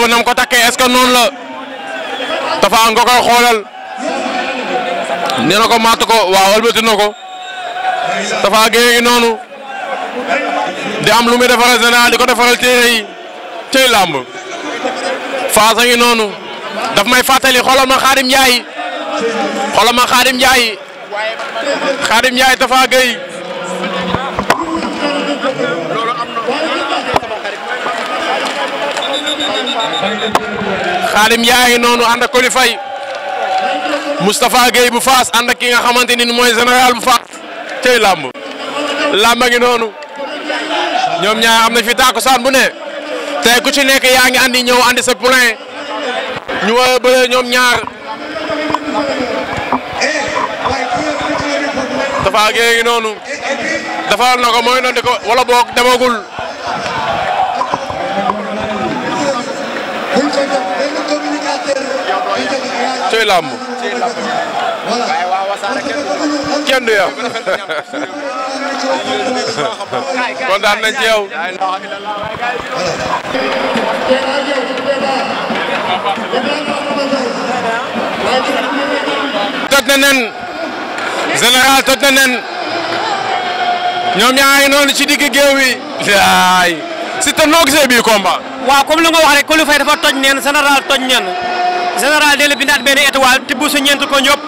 ba nam ko takkee est-ce que la Tapha nga koy nee na ko matt ko waaw walbati na ko Tapha noonu di am lu muy defaral Général di ko defaral téere yi cey làmb noonu daf may fàttali xoolal ma Xaadim Njaay xoolal ma Xaadim Njaay xaadim yaay noonu ànd ak Coly Faye Moustapha bu Faas ànd ak ki nga xamante ni mooy général bu Faas cey làmb làmb ngi noonu ñoom ñaar am na fi tàkkusaan bu ne tey ku ci nekk yaa ngi andi ñëw andi sa ñu war a bëre ñoom ñaar Moustapha Gueye ngi noonu defal na ko mooy noonu di ko wala boog demagul buñ koy kenn du yow. kontaan nañ ci yow. na nen. général toj na nen. ñoom ñaa ngi noonu ci digg géew wi. Siteu noo gisee bii waaw comme lu nga wax rek Coly dafa toj neen général toj neen général delloo bindaat benn étoile tibb su ñeent ko ñëpp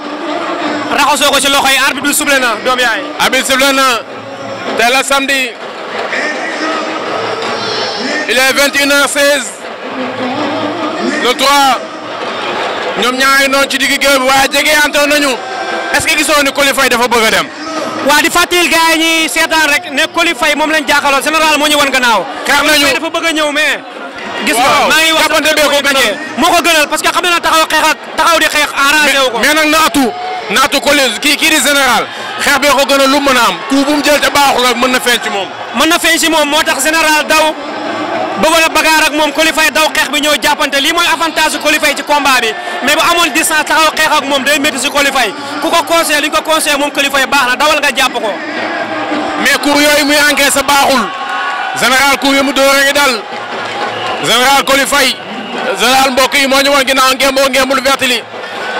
raxasoo ko ci loxo yi arbitre bi suble doom yaay. arbitre suble na la samedi il est 21h16 le 3 ñoom ñaari noonu ci digg géew bi waaye jege antoon nañu est-ce que dafa bëgg dem. waa di fàttali gars yi ñuy seetaan rek ne Coly moom lañ jàkkaarloo général moo ñu wan gannaaw. xeex nañu dafa bëgg a ñëw mais. gis nga maa ngi wax moo ko gënal parce que xam na taxaw xeex ak taxaw di xeex arrangé wu ko. mais nag naatu naatu kii kii di général xeex bee ko gënal lu mën a am. jël te baaxul mën na feeñ moom. mën na feeñ ci moom moo tax général daw. bëggoon a moom Coly Faye daw xeex bi ñëw jàppante lii mooy avantage su Coly Faye ci combat bi mais bu amoon distance taxaw xeex ak moom day métti si ku ko conseillé li ñu ko conseillé moom Coly baax na dawal nga jàpp ko. mais coup yooyu muy encaissé baaxul général coup yi mu door a ngi dal général Coly Faye mbokk yi moo ñu woon ginnaaw ngemboo ngembul vert li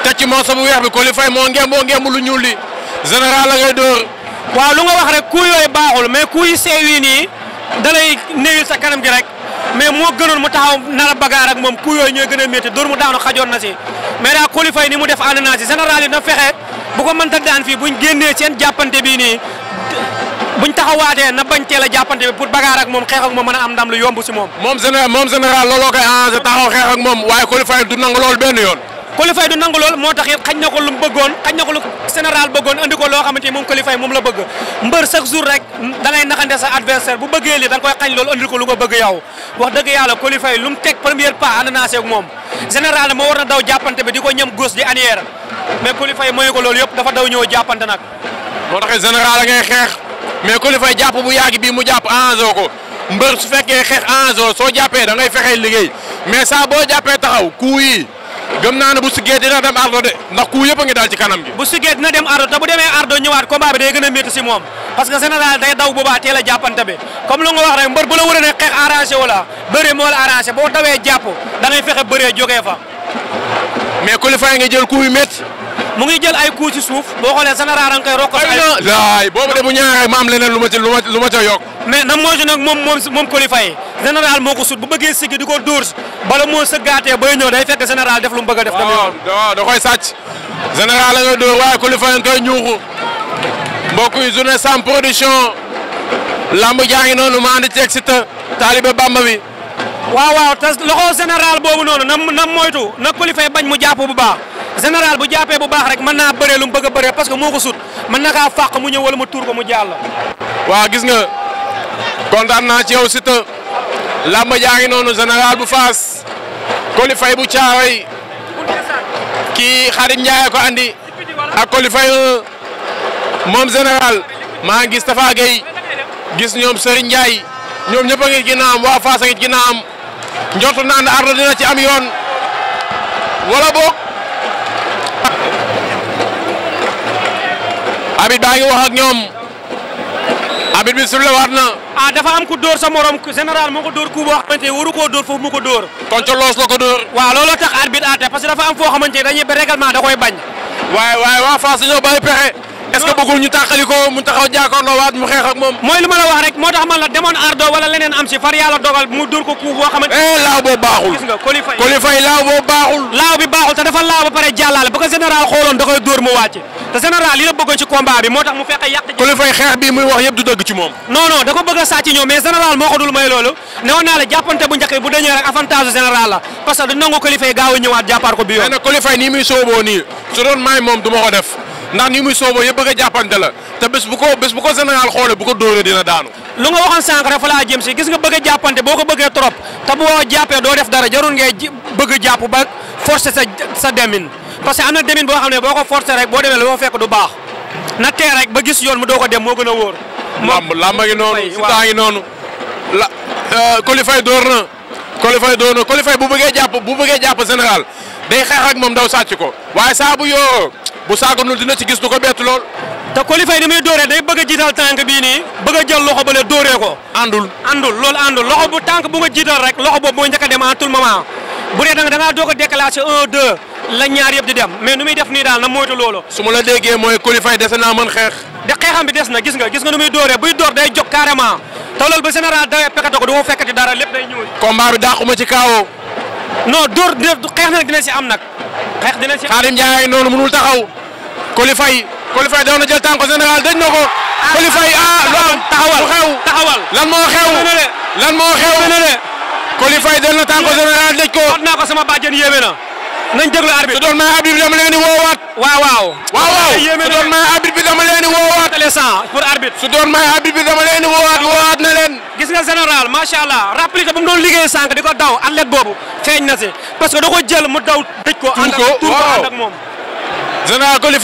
teg ci bu weex bi Coly moo ngemboo ngembul lu ñuul li général la ngay lu nga wax rek coup yooyu baaxul mais coup yi seew da lay sa kanam gi rek. mais moo gënoon mu taxaw nar a bagaar moom ku yooyu ñooy gën a métti dóor mu daanu xajoon na si mais daa qualifié ni mu def ànd naa si général yi na fexe bu ko mënta daan fii buñ génnee seen jàppante bii nii buñ taxawaatee na bañ teel a jàppante bi pour bagaar moom xeex ak moom mën a am dam lu yomb si moom. moom général moom général looloo koy taxaw xeex moom waaye qualifié du nangu loolu benn yoon. Coly Faye du nangu lool moo tax it xañ na ko lu mu bëggoon xañ na ko lu général bëggoon andi ko loo xamante ni moom Coly Faye moom la bëgg mbër chaque jour rek da naxante sa adversaire bu bëggee lii da nga koy xañ loolu ko lu nga bëgg yow wax dëgg yàlla Coly Faye lu mu teg première pas ànd naa seeg moom général moo war a daw jàppante bi di ko ñam gauche di arrière mais Coly mayu ko loolu yëpp dafa daw ñëw jàppante nag moo tax général ngay xeex mais Coly Faye jàpp bu yàgg bii mu jàpp enjeu ko mbër fekkee xeex enjeu soo jàppee da ngay fexee liggéey mais saa boo jàppee taxaw kuu yi gëm naa ne bu siggee dina dem ardo de ndax ku yëpp a ngi daal ci kanam gi bu siggee dina dem ardo te bu demee ardo ñëwaat combat bi day gën a métti si moom parce que général day daw boobaa teel a jàppante bi comme lu nga wax rek mbër bu la wër a ne xeex arrangé wu la bëree moo boo dawee jàpp da ngay fexe bëree fa mais qualifié nga jël coup yu métti mu ngi jël ay coups ci suuf boo xoolee général da nga koy rokk. ay boobu de bu ñaaree ma am leneen lu ma ci lu ma lu ma ca na mooy si moom moom moom qualifié général moo ko sut bu bëggee siggi di ko dóor bala moo sëggaatee bay ñëw day fekk général def lu mu bëgg a def. waaw waaw da koy sàcc. général la ngay dóor waaye qualifié nga koy ñuuxu. mbokk yi journée sans production. lamb jaa ngi noonu maa andi ceeg si te taalibe Bamba bi. waaw waaw te général boobu noonu na na moytu na qualifié bañ mu jàpp bu baax. général bu jàppee bu baax rek mën naa bëree lu mu bëgg a parce que moo ko sut mën na kaa fàq mu ñëw wala mu tuur ko mu jàll. waa gis nga kontaan naa ci yow Siteu làmb ngi noonu général bu Faas Coly Faye bu Thiaroye kii Xadim Ndiaye ko andi ak Coly moom général maa ngi gis Tafa Gueye gis ñoom Serigne Ndiaye ñoom ñëpp a ngi ginnaam waa Fass a ngi ginnaam njort naa ardo dina ci am yoon wala boog. abit baa ngi wax ak ñoom abit bi sulle waat na. ah dafa am ku dóor sa morom général moo ko dóor ku boo xamante ne koo dóor foofu mu ko dóor. kon ca loo la ko dóor. waaw looloo tax arbitre àtte parce que dafa am foo xamante ne dañuy ba règlement da koy bañ. waaye waaye waa Fass dañoo bàyyi pexe. est-ce ñu tàqali ko mu taxaw jàkkaarloo waat mu xeex ak moom. mooy lu ma la wax rek moo tax man la demoon ardo wala leneen am si far yàlla dogal mu dóor ko coup boo xamante ne. Eh, laaw boobu baaxul kolifay laaw boobu baaxul. laaw bi baaxul te dafa laaw ba pare jàllale ba ko xooloon da koy dóor mu wàcce te général li la bëggoon ci combat bi moo tax mu fekk yàq. bi muy wax yëpp du dëgg ci moom. non da ko bëgg a sàcc ñoom mais général moo ko du moom du ma ko ndax ni muy sooboo yëpp bëgg a jàppante la te bés bu ko bés bu ko Sénégal xoolee bu ko dóoree dina daanu lu nga waxoon sànq rek fa laa jëm si gis nga bëgg jàppante boo ko bëggee trop te bu jàppee doo def dara jarul ngay bëgg a jàpp ba forcer sa sa demin parce que am na demin boo xam ne boo ko forcer rek boo demee la boo fekk du baax na tee rek ba gis yoon mu doo ko dem moo gën a wóor lamb lamb ngi noonu sitaa ngi noonu la kolifay euh, dóor na kolifay dóor na kolifay bu bëggee jàpp bu bëggee jàpp Sénégal day daw sàcc ko waaye saa bu bu saaganul dina ci gis du ko bett lool. te kolifay ni muy dóoree day bëgg jiital tànk bii nii bëgg jël loxo ba le dóoree ko. àndul àndul loolu àndul loxo bu tànk bu nga jiital rek loxo boobu mooy njëkk a dem à tout bu dee da ngaa doog a déclenché un la ñaar yëpp di dem mais nu muy def nii daal na moytu loolu. su la déggee mooy kolifay dese naa mën xeex. de xeexam bi des na gis nga gis nga nu muy dóoree buy dóor day jóg carrément te loolu ba xeex dina ci Khadim noonu mënul taxaw Coly Faye Coly Faye daw na jël tànk général dañ na ko ah, Coly Faye ah lu lan moo xew lan moo xew Coly Faye daw na ko na ko sama bàjjen yéeme na nañ déglu arbitre. su doon maa arbitre dama leen di woowaat. waaw waaw. waaw waaw su doon maa arbitre dama leen di woowaat. les cent pour arbitre. su doon maa arbitre bi dama leen di woowaat woowaat na leen. gis nga général macha allah rappelé ko bu doon liggéey sànq di ko daw athlète boobu feeñ na si parce que da jël mu daw. dëj ko ànd ak ko ànd moom. général Coly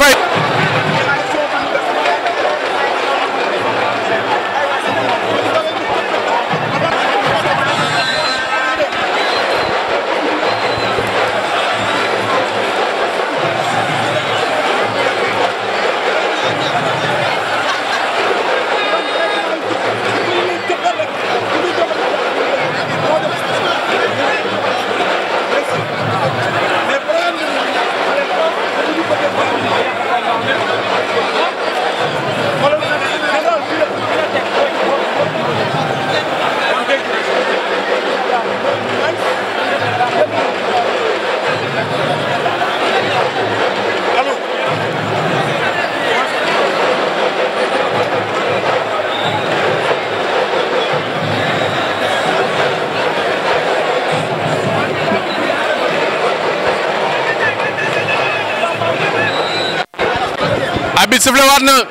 arbitre sifflé waat na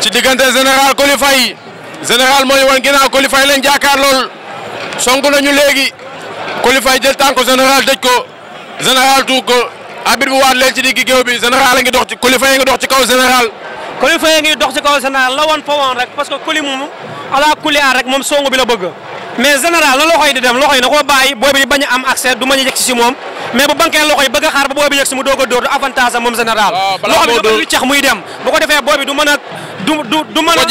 ci diggante général Coly Faye général mooy wan ginnaaw Coly Faye lañ jàkkaar lool songu nañu léegi Coly jël tànk général dëj ko général tuug ko arbitre waat leen ci diggi géew bi général a ngi dox ci Coly Faye a ngi dox ci kaw général. Coly a ngi dox ci kaw général la woon fa woon rek parce que Coly moom ala Coly aar rek moom songu bi la bëgg mais général na loxoy di dem loxoy na koo bàyyi booy bi bañ a am accès du ma ñu yegg mais bu bankee loxo yi bëgg a xaar ba boobi yëg si mu doog a dóor du avantage am moom général ah, loxo bi dafa cax muy dem bu ko du mën a du du du mën a a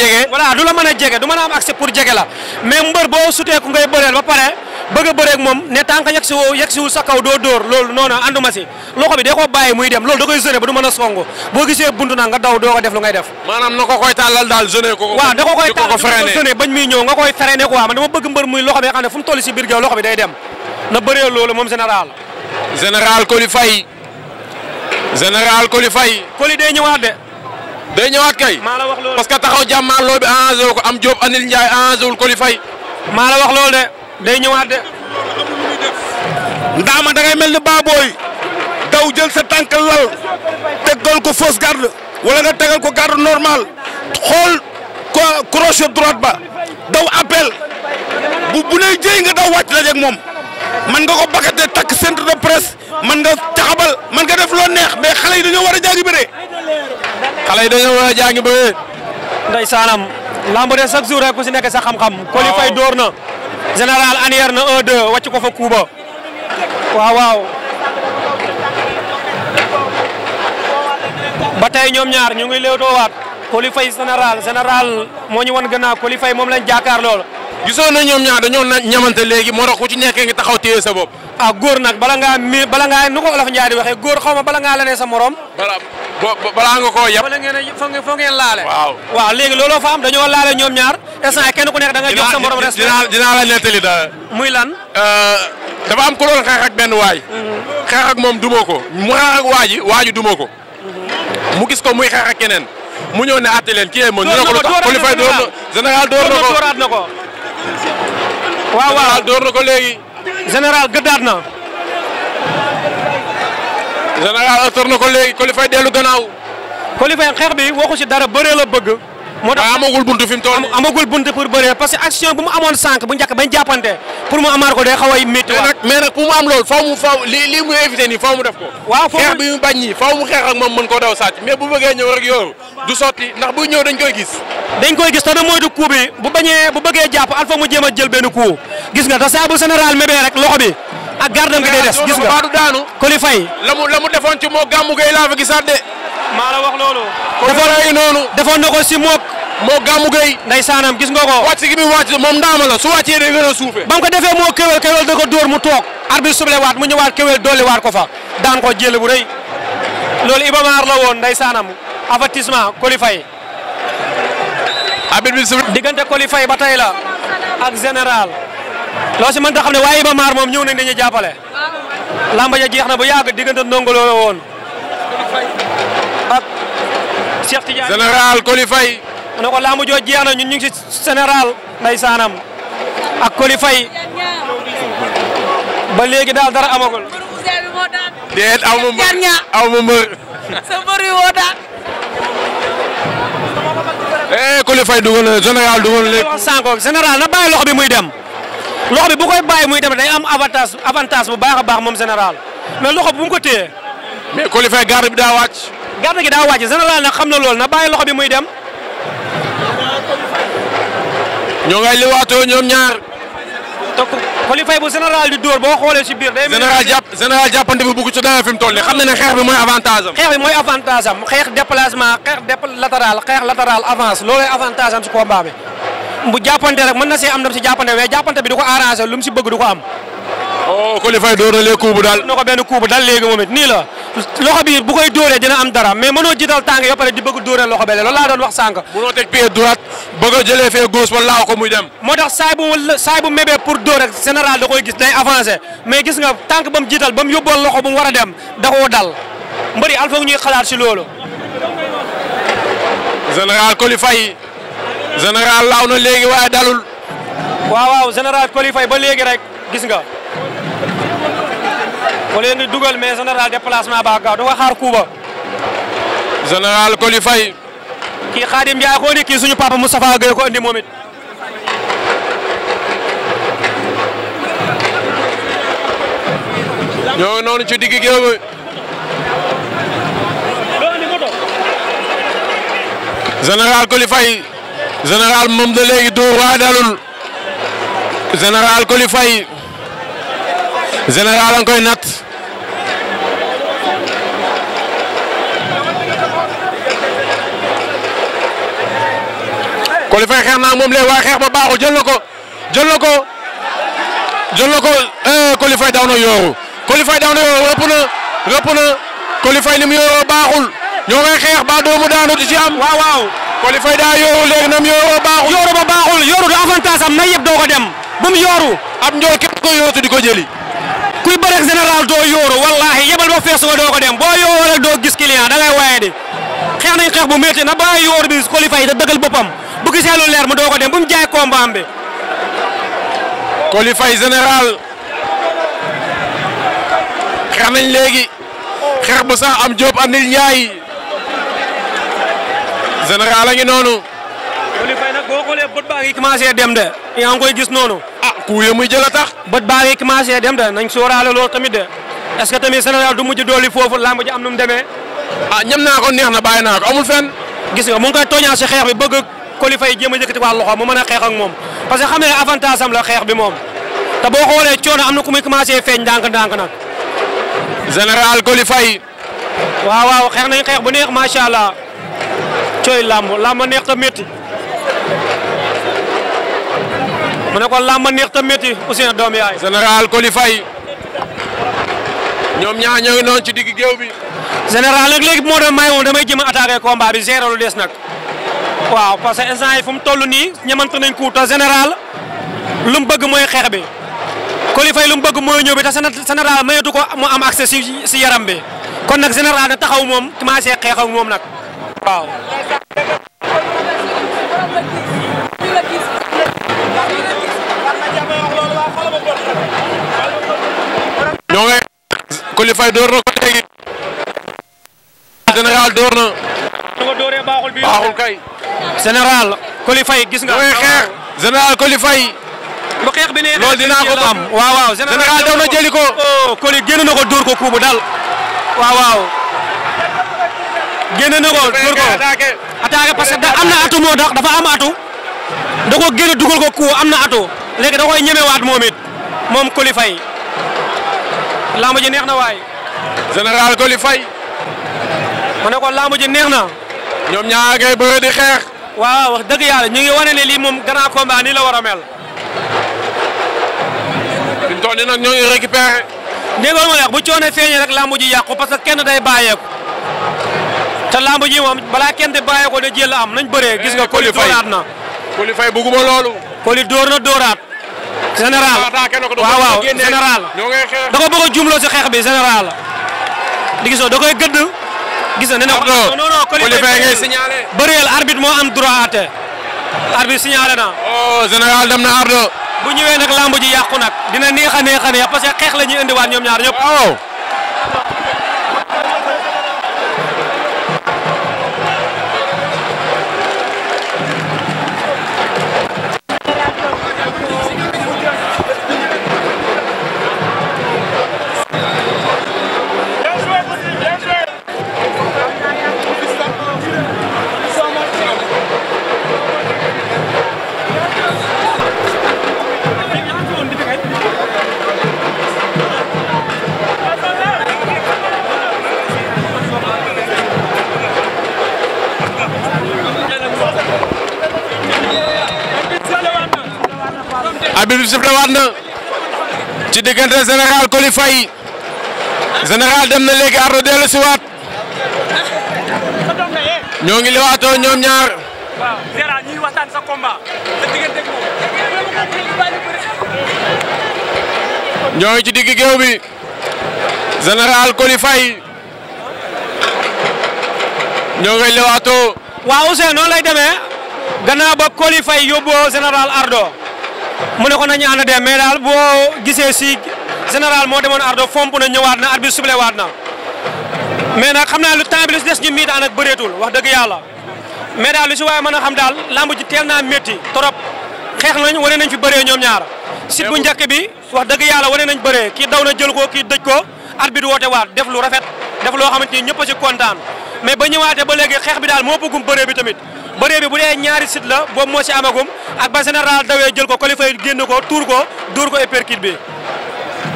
jege du mën a am accès pour jege la mais mbër boo suteeku ngay bëreel ba pare bëgg a bëreeg moom ne tànk yegg wu sa kaw doo dóor loolu noonu ànduma ah, si loxo bi da koo bàyyi muy dem loolu da koy jeune ba du mën a songu boo gisee buntu na nga daw doo ko def lu ngay def maanaam na ko koy tàllal daal jeune ko waaw da ko koy tàllal bañ muy ñëw nga koy freiné quoi man dama bëgg mbër muy toll si bi day dem na bëree loolu moom général général Coly Faye général Coly Faye. Coly day ñëwaat de. day ñëwaat kay. maa la wax loolu parce que taxaw jàmmaarloo bi arrangé ko am Diop Anil Ndiaye arrangé wul maa la wax loolu de day ñëwaat de. ndaama da mel ni baabooy daw jël sa tànk lal tegal ko fos garde wala nga tegal ko garde normal xool ko crochet droite ba daw appel bu bu ne jëy nga daw wàcc la ak moom. man nga ko bakkate takk centre de presse man nga taxabal man nga def loo neex mais xale yi dañoo war a jàngi bëree. xale yi dañoo war a jàngi lamb de chaque jour rek si nekk sa xam-xam. waaw Coly door na. général anière na 1-2 wàcc ko fa Kuuba. waaw waaw. ba ñoom ñaar ñu ngi léewtoowaat Coly Faye général général moo ñu wan gannaaw Coly moom lañ jàkkaar lool. gisoo na ñoom ñaar dañoo ñamante léegi moo tax ku ci nekkee ngi taxaw téye sa bopp. ah góor nag bala ngaa mi bala nga nu ko olof Ndiaye di waxee góor xaw ma bala ngaa lanee sa morom. balaa nga koo yab. wala a foo ngeen foo ngeen laale. waaw waaw léegi looloo fa am dañoo laale ñoom ñaar instant kenn ku nekk da nga jox sa morom. respect dinaa la nettali dara. muy lan. Euh, dafa am ku doon xeex benn waay. Mm-hmm. xeex ak moom duma ko mu xeex ak waa ji waa ji duma ko. Mm-hmm. mu gis ko muy xeex ak keneen. mu ñëw ne àtte leen kii ko lu tax Coly Faye waaw waaw door na ko léegi. général gëddaat na. général door na ko léegi Coly Faye dellu gannaaw. Coly Faye xeex bi waxu ci dara bëree la bëgg. moo tax amagul buntu fi mu toll amagul buntu pour bëree parce que bu mu amoon sànq bu njëkk bañ jàppante pour mu amaat ko day xaw a métti mais nag mais mu am loolu faw mu faw lii mu évité nii faw mu def ko waaw xeex faw mu xeex ak moom mën koo daw sàcc mais bu bëggee ñëw rek yooru du sotti ndax buy ñëw dañ koy gis dañ koy gis te mooy du coup bu bañee bu bëggee jàpp alfa mu jéem a jël benn coup gis nga te saa bu général mébee rek loxo bi ak gardam mu la mu maa la wax loolu. defoon na na ko si mook. moo gàmmu gay. ndeysaanam gis nga ko. wàcc gi muy wàcc moom ndaama la su wàccee day gën a suufee. ba mu ko defee moo kewel kewel da ko dóor mu toog. arbitre sublewaat mu ñëwaat kewel waat ko fa. daan ko jël bu rëy. loolu Iba Mar la woon saanam avertissement qualifié. arbitre bi diggante qualifié ba tey la. ak général. loo si man ta xam ne waaye Iba Mar moom ñëw nañ dañuy jàppale. lamba ja jeex n bu yàgg diggante ndongolo la woon. Cheikh Tidiane général Coly Faye. mu ne ko laamu joo jeex na ñun ñu ngi si général ndeysaanam ak Coly Faye ba léegi daal dara amagul. déet aw ma aw ma mbër. sa mbër yi woo daal. eh Coly Faye dugal na général dugal bi muy dem. loxo bi bu koy muy dem day am avantage avantage bu baax a baax moom général mais loxo bu mu ko téye. daa wàcc. garde gi daa wàcc général nag xam na lool na bàyyi loxo bi muy dem. ñoo ngay liwaatoo ñoom ñaar. te Coly Faye bu général di dóor boo xoolee ci biir day. général jàpp général jàppante bi bugg ci dara fi mu toll nii xam na ne xeex bi mooy avantage am. xeex bi mooy avantage am xeex déplacement xeex latéral xeex avance loolooy avantage am ci combat bi. bu jàppante rek mën na see am ndam si jàppante mais jàppante bi du ko arrangé lu mu ci bëgg du ko am. oo oh, Coly Faye na lee coup bu daal. dóor na ko daal léegi loxo bi bu koy dóoree dina am dara mais mënoo jiital tànk yi ba di bëgg dóoree loxo bele loolu laa doon wax sànq. mënoo teg pied droite bëgg a jëlee fee gauche wala laaw ko muy dem. moo tax saay bu saay bu mébee pour dóor rek général da koy gis day avancé mais gis nga tànk ba mu jiital ba mu yóbboon loxo bu mu a dem da koo dal mbëri al foog ñuy xalaat si loolu. général Coly Faye général laaw na léegi waaye dalul. waaw waaw général ba léegi rek gis nga. ba leen di dugal mais général déplacement ba gaaw dafa xaar kuuba. général Coly kii Khadim Ndiaye ko kii suñu papa Moustapha Gueye ko andi moom ñoo noonu ci digg géew bi. général Coly général moom da léegi dóor waa dalul. général Coly général a koy natt. Coly Faye xeex naa moom léegi waaye xeex ba baaxul jël na ko jël na ko jël na ko eh, Coly na yooru Coly Faye xeex ba doomu daanu di ci am. waaw waaw Coly Faye daa yooru léegi na mu yooru baaxul yooru du avantage am na yëpp doo dem mu yooru. ab njool képp ko yootu di ko jëli. kuy bëreeg général doo yooru wallahi yebal ba fees nga dem boo yooroo rek doo gis client da ngay waaye di xeex nañ xeex bu métti na bàyyi yooru bi Coly Faye da dëggal boppam bu gisee lu leer mu doo ko dem bu mu jaay combat bi. Coly général. xeex nañ léegi. xeex bu sax am Diop andil Ndiaye. général a ngi noonu. Coly Faye nag boo xoolee baa ngi commencé dem de. yaa ngi koy gis noonu. Ah, a ku muy jël a tax. bët baa ngi commencé dem de nañ sóoraale loolu tamit de. est-ce que tamit général du mujj dooli foofu lamb ji am nu mu demee. Ah, ñam naa ko neex na bàyyi naa ko amul fenn. gis nga mu ngi koy tooñaa xeex bi Coly Faye jéem a yëkkati waa loxo mu mën a xeex moom parce que xam ne avantage am xeex bi moom te boo xoolee coono am na ku muy commencé feeñ ndànk-ndànk nag. général Coly Faye. waaw waaw xeex nañ xeex bu neex macha allah cooy làmb làmb neex ta métti. mu ne ko ta métti Ousseynou doom yaay. général Coly ñoom ñaar ñoo ngi noonu ci digg géew bi. général nag léegi moo doon may woon damay jëm a attaqué combat bi lu des nag. waaw parce que instant yi fu mu toll nii ñamante nañ ko te général lu mu bëgg mooy xeex bi Coly lu mu bëgg mooy ñëw bi te général mayatu ko mu am accès si si yaram bi kon nag général na taxaw moom commencé xeexaw moom nag waaw. ñoo ngi Coly door na ko léegi. général door na. baaxul kay. général Coly Faye gis nga. waaw xeex général Coly Faye. bu ko am waaw waaw général daw na jëli ko. Oh, Coly génn na ko dóor ko kuubu dal. waaw waaw. génn na ko dóor ko attaqué parce que am na atu moo tax dafa am atu. da ko génn dugal ko kuu am na atu. léegi da koy ñemewaat moom it moom Coly Faye. ji neex na waay. général Coly Faye. ne ko lamb ji neex na. ñoom ñaar ngay bëre di xeex. waaw wax dëgg yàlla ñu ngi wane ne lii moom grand combat la war a mel. fi mu toll nii nag ñoo ngi récupéré. bu coono feeñee rek lamb ji parce que kenn day bàyyeeku. te lamb ji moom balaa kenn di bàyyeekoo ne jël la am nañ bëree. gis nga eh, Coly dóoraat na Coly Faye bugguma loolu. Coly dóor na dóoraat. général waaw waaw général. da ko si xeex bi général. di gisoo da koy gëdd. gis na ne ko non non non qualifié ngay signalé moo am droit àtte arbitre na oh général na ardo bu ñëwee nag lamb ji dina neex a neex a neex parce que xeex la ñuy ñoom ñaar ñëpp bi sifflé waat na ci diggante général Coly Faye dem na léegi ardo dellu si waat ñoo ngi liwaatoo ñoom ñaar ñoo ci digg géew bi général Coly Faye ñoo ngi liwaatoo waaw lay demee gannaaw ba Coly Faye yóbboo ardo mu ne ko nañu ànd dem mais daal boo gisee si général moo demoon ardo fomp na ñëwaat na arbitre suble waat na mais na xam naa lu temps bi lu si des ñu miit ànd bëreetul wax dëgg yàlla mais daal lu si waaye mën a xam daal lamb ji teel naa métti trop xeex nañ wane nañ fi bëree ñoom ñaar sit bu njëkk bi wax dëgg yàlla wane nañ bëree kii daw na jël ko kii dëj ko at bi woote waat def lu rafet def loo xamante ni ñëpp a si kontaan mais ba ñëwaatee ba léegi xeex bi daal moo bëggum bëree bi tamit bëree bi bu dee ñaari sit la boobu moo si amagum ak ba général dawee jël ko qualifié génn ko tuur ko dóor ko épercute bi.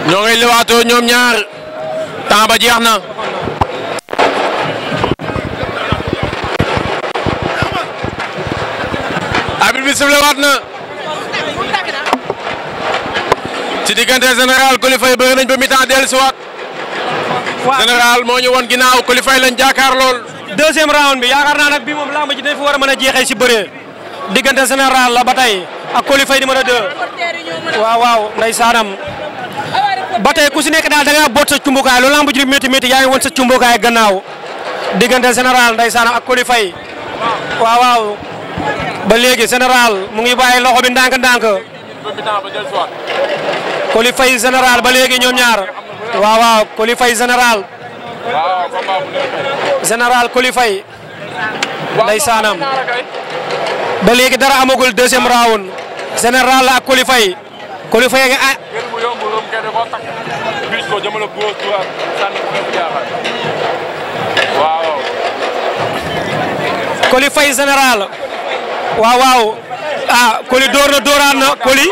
ñoo ngay lewaatoo ñoom ñaar temps jeex na. arbitre bi siflewaat na. ci diggante général qualifié bëri nañ ba mi-temps dellusiwaat. général moo ñu won ginnaaw qualifié lañ jàkkaar lool. deuxième round bi yaakaar naa nag bi moom lamb ji dañ fa war a mën a jeexee si bëree diggante général la ba tey ak Coly Faye numéro 2 waaw waaw ndeysaanam ku si nekk daal da ngaa boot sa cumbukaay loolu lamb ji métti métti yaa ngi woon sa cumbukaay gannaaw diggante général ndeysaanam ak Coly Faye waaw waaw ba léegi général mu ngi bàyyi loxo bi ndànk-ndànk Coly Faye ba léegi ñoom ñaar waaw waaw Coly général Coly Faye ndeysaanam ba léegi dara amagul deuxième round général la ak Coly Faye Coly Faye nga ah. Coly Faye général waaw waaw ah Coly door na dooraat na Coly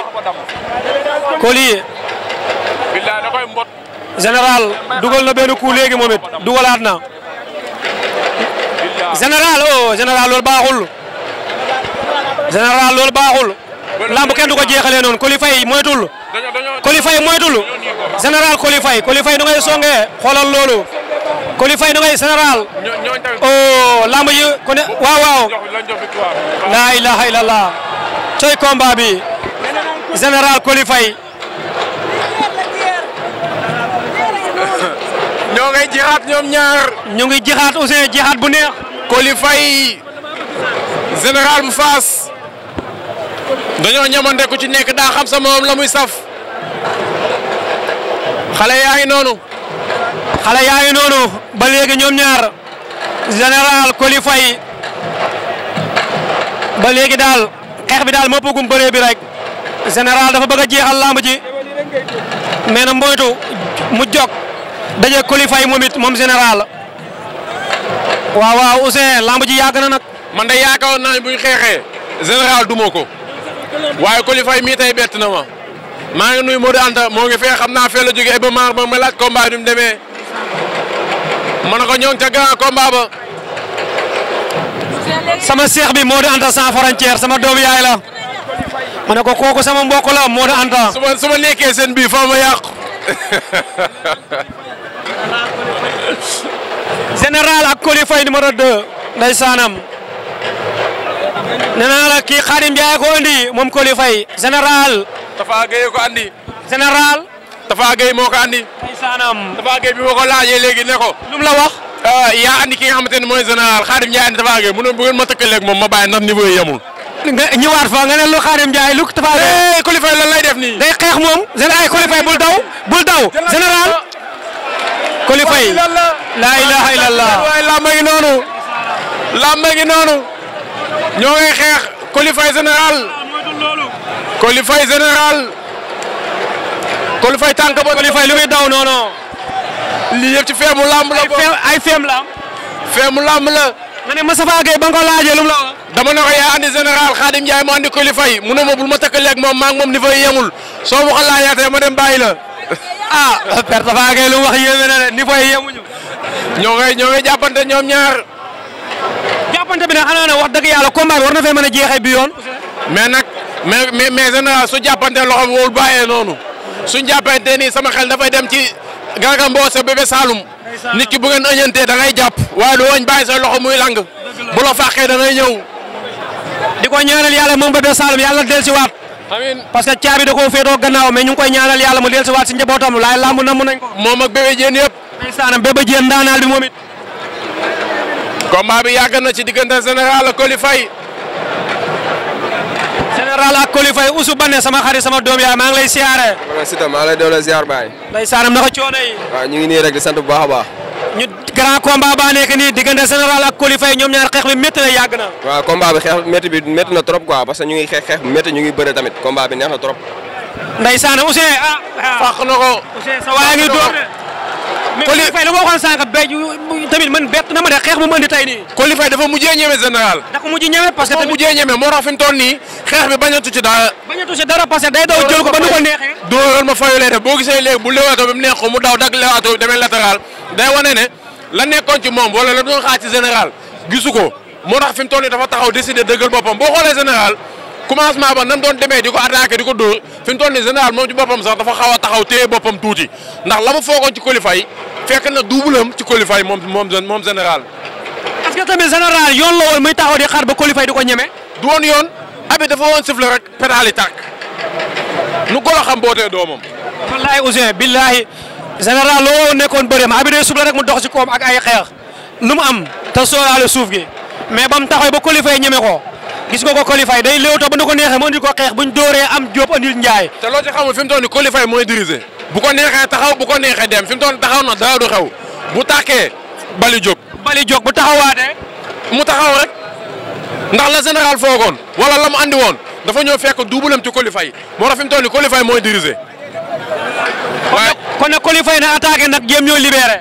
Coly. bilaay da koy général dugal na benn coup léegi moom it dugalaat na général oh général loolu baaxul général loolu baaxul lamb kenn du ko jeexalee noonu Coly Faye moytul Coly Faye moytul général Coly Faye Coly Faye da oh, lamb yi ku ne waaw la ilaha illallah coy combat bi général ñoo ngi jixaat ñoom ñaar. ñu ngi jixaat Ousseyn jixaat bu neex. Coly général mu Faas dañoo ñamante ku ci nekk daa xam sa moom la muy saf xale yaa ngi noonu. xale yaa noonu ba léegi ñoom ñaar général Coly ba léegi daal xeex bi daal mëppagum bëree bi rek général dafa bëgg a jeexal lamb ji na mboytu mu jog daje qualifié moom it général waaw waaw Ousseyn lamb ji yàgg nag. man de yaakaaroon naa ne bu ñu xeexee général duma ko waaye qualifié mii tey bett na ma maa ngi nuyu Modou Anta moo ngi fee xam naa fee la jógee Iba Mar ma laaj combat ma ko ñoo ngi sama seex bi Modou Anta sans frontière sama doomu yaay la ma ne ko kooku sama mbok la Modou Anta. su ma seen bii foo ma général ak Coly Faye numéro 2 ndeysaanam nee naa la kii Khadim Ndiaye ko andi moom Coly Faye général. Tafa ko andi. général. Tafa Gueye moo andi. ndeysaanam Tafa Gueye bi moo léegi ne ko. lu la wax. Euh, yaa andi ki nga xamante ne mooy général Khadim Ndiaye andi Tafa mu ne bu ngeen ma tëkkaleeg moom ma bàyyi ndax niveau yi yemul. nga ñëwaat fa nga ne lu Xaadim Njaay lu Tapha Gueye. Eh, Coly lay def nii. day xeex moom général Coly Faye bul daw bul daw général. Coly Faye laa ilaaha illallah. waaye ngi noonu. làmba ngi noonu. ñoo ngay xeex Coly Faye général. Coly Faye général. Coly Faye tànk boobu Coly lu muy daw noonu. lii yëpp ci feemu làmb la. ay feem ay feemu làmb la. dama na ko yaa andi général Khadim Ndiaye mu andi Coly mu ne ma bul ma tëkkaleeg moom maa ngi moom niveau yi yemul soo ma ko laajaatee ma dem bàyyi la. ah perte faa ngay lu wax yéeme na de niveau yi ñaar. jàppante bi nag xanaa ne wax dëgg yàlla combat bi war na bi yoon. mais nag mais mais mais général su jàppante loxo bi wowul bàyyee noonu suñ jàppante nii sama xel dafay dem ci Garga Mbossé Bébé Saloum. nit ci bu ngeen ëñantee da ngay jàpp waaye du ëñ bàyyi sa loxo muy lang bu la fàqee da ngay ñëw di ko ñaanal yàlla moom Bébé Saloum yàlla del si waat parce que caabi da koo féetoo gannaaw mais ñu ngi koy ñaanal yàlla mu del si waat si njabootam laay lamb namm nañ ko moom ak Bébé Diène yëpp ndeysaan Bébé Diène ndaanaal bi moom it combat bi yàgg na ci diggante général ak Coly Faye général ak Coly usu banne sama xarit sama doom yaay maa ngi lay siyaare. maa ngi lay siyaare maa ngi lay doole siyaar baay. ndeysaan ñu ngi nii rek di sant bu baax a baax. ñu grand combat baa nekk nii diggante général ak Coly ñoom ñaar xeex bi métti na yàgg na. waaw combat bi xeex na trop quoi parce que ñu ngi xeex xeex métti ñu ngi bëre tamit combat bi neex na trop. ndeysaan Ousseyn ah. ah. fàq na ko Ousseyn sa waay ngi door de. Coly Faye li ma waxoon tamit man bett na ma de xeex bu ma indi tey nii. Coly dafa mujjee ñeme général. dafa mujj ñeme parce que tamit ñeme moo tax fi mu toll nii xeex bi bañatu ci dara. bañatu ci dara parce que day daw jël ko ba nu ko neexee. dóor ma fayu lay def boo gisee léegi bu lewaatoo bi mu neex ko mu daw dag lewaatoo bi demee day wane ne la nekkoon ci moom wala la doon xaar ci général gisu ko moo tax fi mu toll nii dafa taxaw décider dëggal boppam boo xoolee général commencement ba nam doon demee di ko attaqué di ko dóor fi mu a taxaw téye boppam tuuti ndax la mu foogoon ci Coly fekk na duubulam ci qualifier moom moom moom général. est-ce que tamit général yoon la woon muy taxaw di xaar ba qualifier di ko ñeme. du woon yoon abi dafa woon siffle rek pénali tàkk nu golo xam bootee doomam. wallaahi Ouzin billaahi général loo nekkoon bëri ma abi day suble rek mu dox ci koom ak ay xeex nu mu am te sóoraale suuf gi mais ba mu ba qualifier ñeme ko. gis nga ko qualifier day léew to ba nu ko neexee mu andil ko xeex buñ dooree am Diop andil te loo ci xamul fi mu toll nii bu ko neexee taxaw bu ko neexee dem fi mu toon taxaw na dara xew bu tàkkee bali jóg. bali jóg bu taxawaatee. mu taxaw rek ndax la général foogoon wala la mu andi woon dafa ñëw fekk duubulam ci kolifay moo tax fi mu toll nii kolifay mooy diriger. waaye kon nag kolifay na attaqué nag jéem ñoo libéré.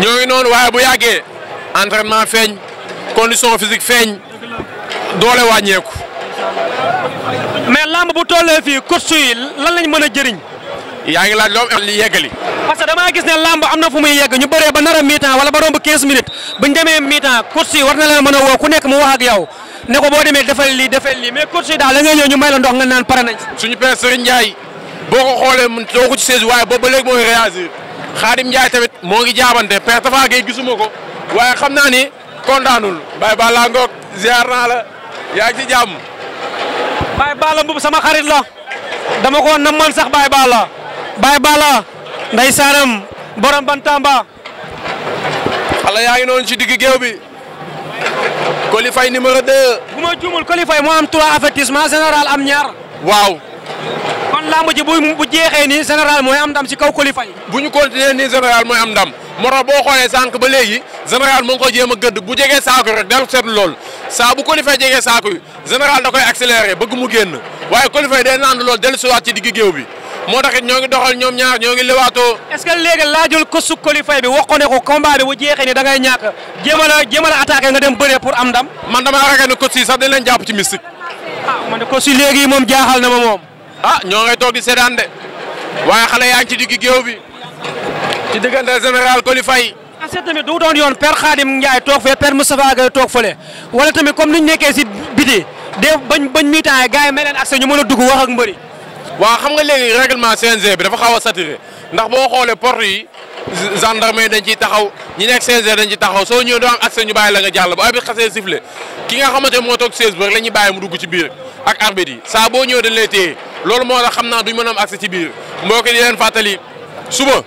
ñoo ngi noonu waaye bu yàggee entraînement feeñ condition physique feeñ doole wàññeeku. mais lamb bu tollee fii course yi lan lañ mën a jëriñ. yaa ngi laaj loo am li yeggali parce que damaa gis ne làmb am na fu muy yegg ñu bëree ba nar a mi-temps wala ba romb 15 minutes bu ñu demee mi war na la mën a woo ku nekk mu wax ak yow ne boo demee defal lii defal lii mais coach daal la nga ñëw ñu may la ndox nga naan pare nañ suñu père Serigne Ndiaye boo ko xoolee mu too ci seize waaye boobu ba léegi moo ngi réagir Khadim tamit moo ngi jaabante père Tafa Gueye gisuma ko waaye xam naa ni la yaa ngi ci jàmm Baye Balla mbub Baye Balla nday saanam borom Bantamba xale yaa ngi noonu ci digg géew bi Coly Faye numéro 2 bu ma juumul Coly Faye moo am trois avertissement général am ñaar waaw kon lamb ji bu bu jeexee nii général mooy am ndam si kaw Coly bu ñu continuer nii général mooy am ndam moo tax boo xoolee sànq ba léegi général moo ngi koy jéem a gëdd bu jegee saako rek dal seetlu lool saa bu Coly Faye jegee yi général da koy accélérer bëgg mu génn waaye Coly Faye day naan lool dellu siwaat ci digg bi moo taxit ñoo ngi doxal ñoom ñaar ñoo ngi lewaatoo. est que léegi laajul ko su bi wax ko ne ko combat bi bu jeexee ni da ngay ñàkk jéemal a jéemal a attaqué nga dem bëree pour am dam man dama ragal ne coach yi sax dañ leen jàpp ci mystique. ah man de coach léegi moom jaaxal na ma moom. ah ñoo ngay toog di seetaan de waaye xale yaa ci digg géew bi ci diggante général Coly Faye. ah c'est tamit du doon yoon père Khadim Ndiaye toog fee père Moustapha Gueye toog fële wala tamit comme ni ñu nekkee si biti de bañ bañ mi temps ñu mën a dugg wax ak mbëri waaw xam nga léegi règlement CNG bi dafa xaw a saturé ndax boo xoolee porte yi gendarmerie dañ ciy taxaw ñi nekk CNG dañ ci taxaw soo ñëwee doo am accès ñu bàyyi la nga jàll ba arbitre xasee sifflé ki nga xamante moo toog 16 ba rek la ñuy bàyyi mu dugg ci biir ak arbitre yi saa boo ñëwee dañ lay téye loolu moo tax xam naa duñ mën a am accès ci biir mbokk yi di leen fàttali suba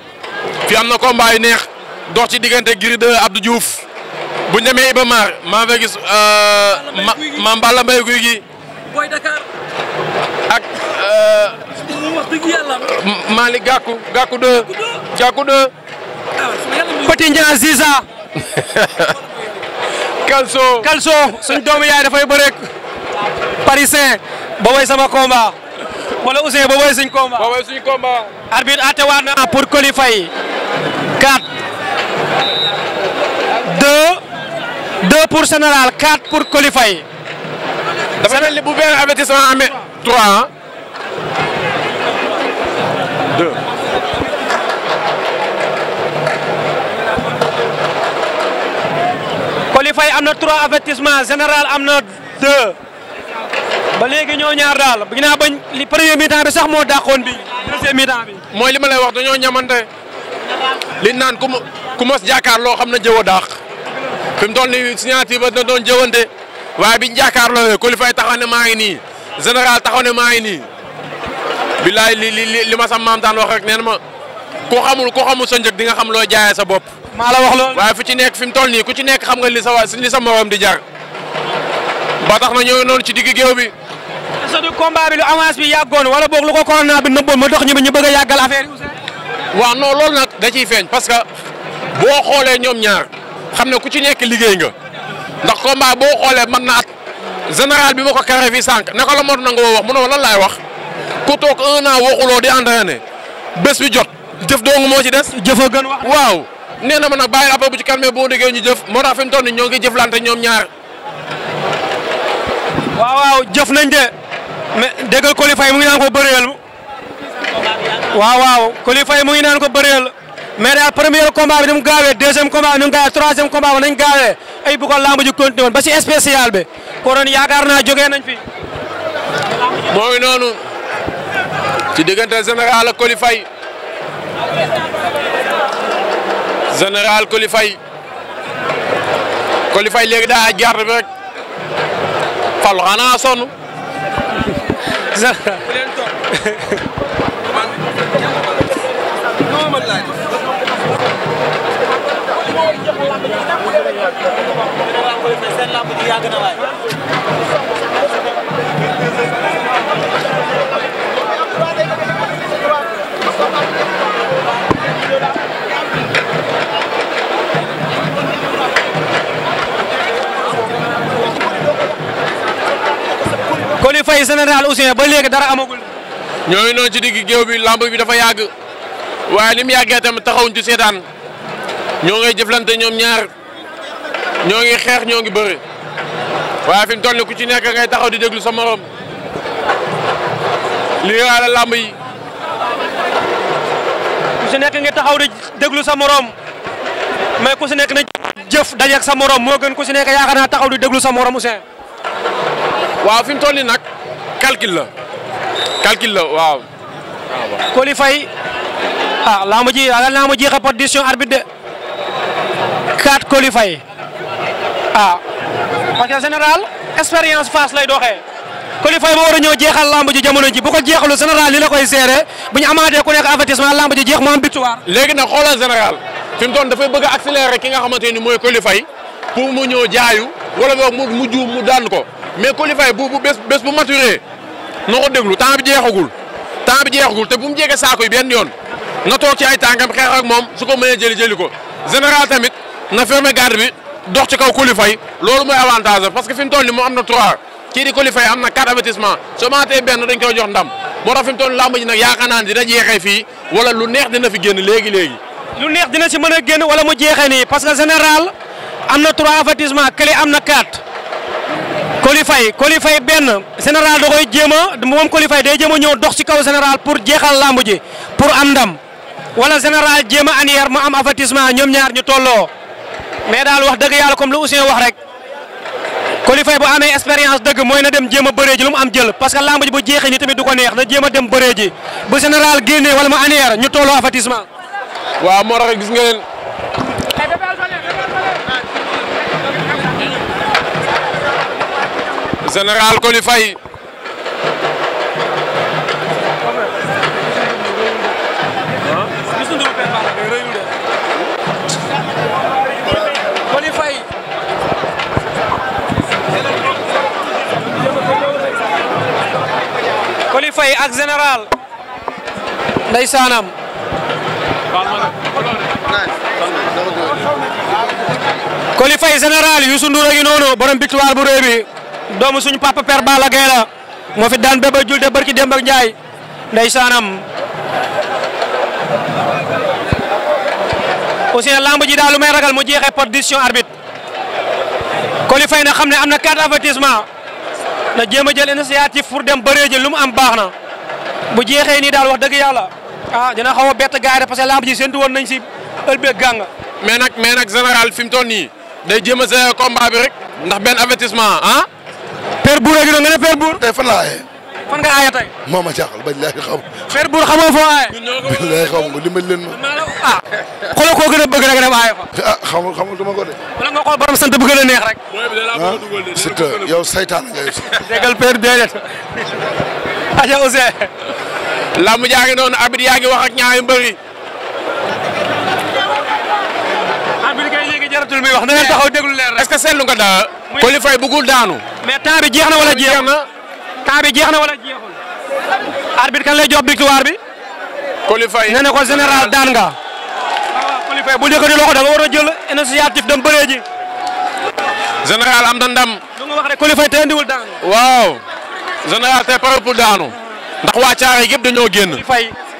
fi am na combat yu neex dox ci diggante Gris 2 Abdou Diouf bu ñu demee Iba Mar maa fay gis euh, ma Mballa Mbaye guy gi. Boy Dakar ak. Euh, Malick Gakou Gakou 2. Gakou 2. Petit Ndiaye Kalso Kalso suñ doomu yaay dafay bëreeg. Paris ba way sama combat. wala Ousseyn ba way suñ combat. ba way suñ na pour Coly Faye. 4. 2. 2 pour général 4 pour Coly Faye. dafa mel ni bu benn avertissement amee 3 am na trois avertissement général am na deux ba léegi ñoo ñaar daal ginnaaw bañ li premier mi-temps bi sax moo dàqoon bi mooy li ma lay wax dañoo ñamante li naan ku ku mos jàkkaarloo xam na jëw a dàq fi mu toll nii signature doon jëwante waaye biñ jàkkaarloo qualifié taxaw ne maa ngi nii général taxaw ne maa ngi nii. billaay li li ma sa maam daan wax rek nee na ma ku xamul ku xamul sa njëg di nga xam loo jaayee sa bopp. maa la wax loolu. waaye fu ci nekk fi mu toll nii ku ci nekk xam nga li sa waa li sa morom di jar. ba tax na ñëw noonu ci digg géew bi. est-ce que bi lu avance bi yàggoon wala boog lu ko corona bi nëbboon ma dox ñu ñu bëgg a yàggal affaire yi. waaw non lool nag da ciy feeñ parce que boo xoolee ñoom ñaar xam ne ku ci nekk liggéey nga ndax combat boo xoolee mën na at général bi ma ko carré fii sànq ne ko la mot na nga wax mu ne lan laay wax ku toog un an waxuloo di entraîné bés bi jot jëf dong moo ci des. jëf a gën wax waaw. nee na ma nag bàyyi après bu ci calmé boo déggee ñu jëf moo tax fi mu toll nii ñoo ngi jëflante ñoom ñaar. waaw waaw jëf nañ de mais déggal Coly Faye mu ngi naan ko bëreel. waaw waaw Coly Faye mu ngi naan ko bëreel. mais daal premier combat bi mu gaawee deuxième combat bi mu gaawee troisième combat bi nañ gaawee ay bu ko lamb ji ba si spécial bi. kon yaakaar naa jógee nañ fi. moo ngi noonu. ci diggante général Coly général Coly Faye Coly Faye léegi daa garde bi rek Fallou xanaa sonn. tey général Ouzin ba léegi dara amagul. ñooñu noonu ci digg géew bi lamb bi dafa yàgg waaye ni mu yàggee tamit taxawuñ ci seetaan ñoo ngay jëflante ñoom ñaar ñoo ngi xeex ñoo ngi bëri waaye fi mu toll ku ci nekk ngay taxaw di déglu sa morom lii la lamb yi. ku si nekk ngi taxaw di déglu sa moroom mais ku si nekk na jëf dajeeg sa morom moo gën ku si nekk yaakaar naa taxaw di déglu sa morom Ouzin. waaw fi toll nii nag. calcul la calcul la waaw. Coly Faye ah ma ji ragal naa ma jeexal position arbitre de 4 Coly Faye ah parce que général expérience face lay doxee. Coly moo war a ñëw jeexal lamb ji jamono ji bu ko jeexalu général li la koy seere bu ñu amaatee ku nekk avertissement lamb ji jeex mu am victoire. léegi nag xoolal général fi dafay bëgg a ki nga xamante ni mooy Coly Faye pour mu ñëw jaayu wala boog mu juum mu daan ko mais Coly bu bu bu maturé na ko déglu temps bi jeexagul temps bi jeexagul te bu mu jege saako benn yoon na toog ci ay tànkam xeex ak moom su ko mënee jëli jëli ko général tamit na fermer garde bi dox ci kaw kolifay loolu mooy avantage parce que fi mu toll nii moom am na 3 kii di kolifay am na 4 avertissement soo maatee benn dañ koy jox ndam moo tax fi mu toll nii làmb ji nag yaakaar naa dina jeexee fii wala lu neex dina fi génn léegi léegi. lu neex dina si ma a génn wala mu jeexee nii parce que général am na 3 avertissement kële am na 4. Colifay Colifay benn général da koy jéem a moom Colifay day jéem a ñëw dox ci kaw général pour jeexal lamb ji pour am ndam wala général jéem a anière mu am avertissement ñoom ñaar ñu tolloo mais daal wax dëgg yàlla comme lu Ousseyn wax rek Colifay bu amee expérience dëgg mooy na dem jéem a bëree ji lu mu am jël parce que lamb ji bu jeexee ñu tamit du ko neex na jéem a dem bëree ji bu général génnee wala mu anière ñu tolloo avertissement. waaw moo tax gis ngeen général Coly Faye Coly Faye ak général ndeysaanam Coly Faye général Youssou Ndour a ngi noonu borom victoire bu rëy bi doomu suñu papa père Balla Gaye la moo fi daan Bébé Diouldé barki démb ak Ndiaye ndeysaanam aussi na lamb ji daal lu may ragal mu jeexe par décision arbitre Coly na xam ne am na carte avertissement na jéem a jël initiative pour dem bëree ji lu mu am baax na bu jeexee nii daal wax dëgg yàlla ah dina xaw a bett gars yi parce que lamb ji séntu woon nañ si ëllëg gàng. mais nag mais nag général fi mu toll nii day jéem a combat bi rek ndax benn avertissement ah. Père Bour a ngi doon nga ne Père Bour. tey moo ma jaaxal bañ laay xam. Père Bour xamoo foo aaye. bañ laay xam nga dimbali leen ma. ah koo gën a bëgg ah, a neex rek. ah surtout yow saytaan nga yow. déggal ngi noonu Abid yaa ngi wax ak ñaari mbër yi. wax na leen taxaw déglu leer rek. daanu. mais temps bi jeex na wala jeexul temps bi jeex na wala jeexul. arbitre kan lay jox victoire bi. Coly Faye nee na ko général daan nga. bu njëkk loxo da nga war a jël initiative dem bëree général am na ndam. lu nga wax rek indiwul daanu. général te pare daanu. ndax waa Thiaroye yëpp dañoo génn. Coly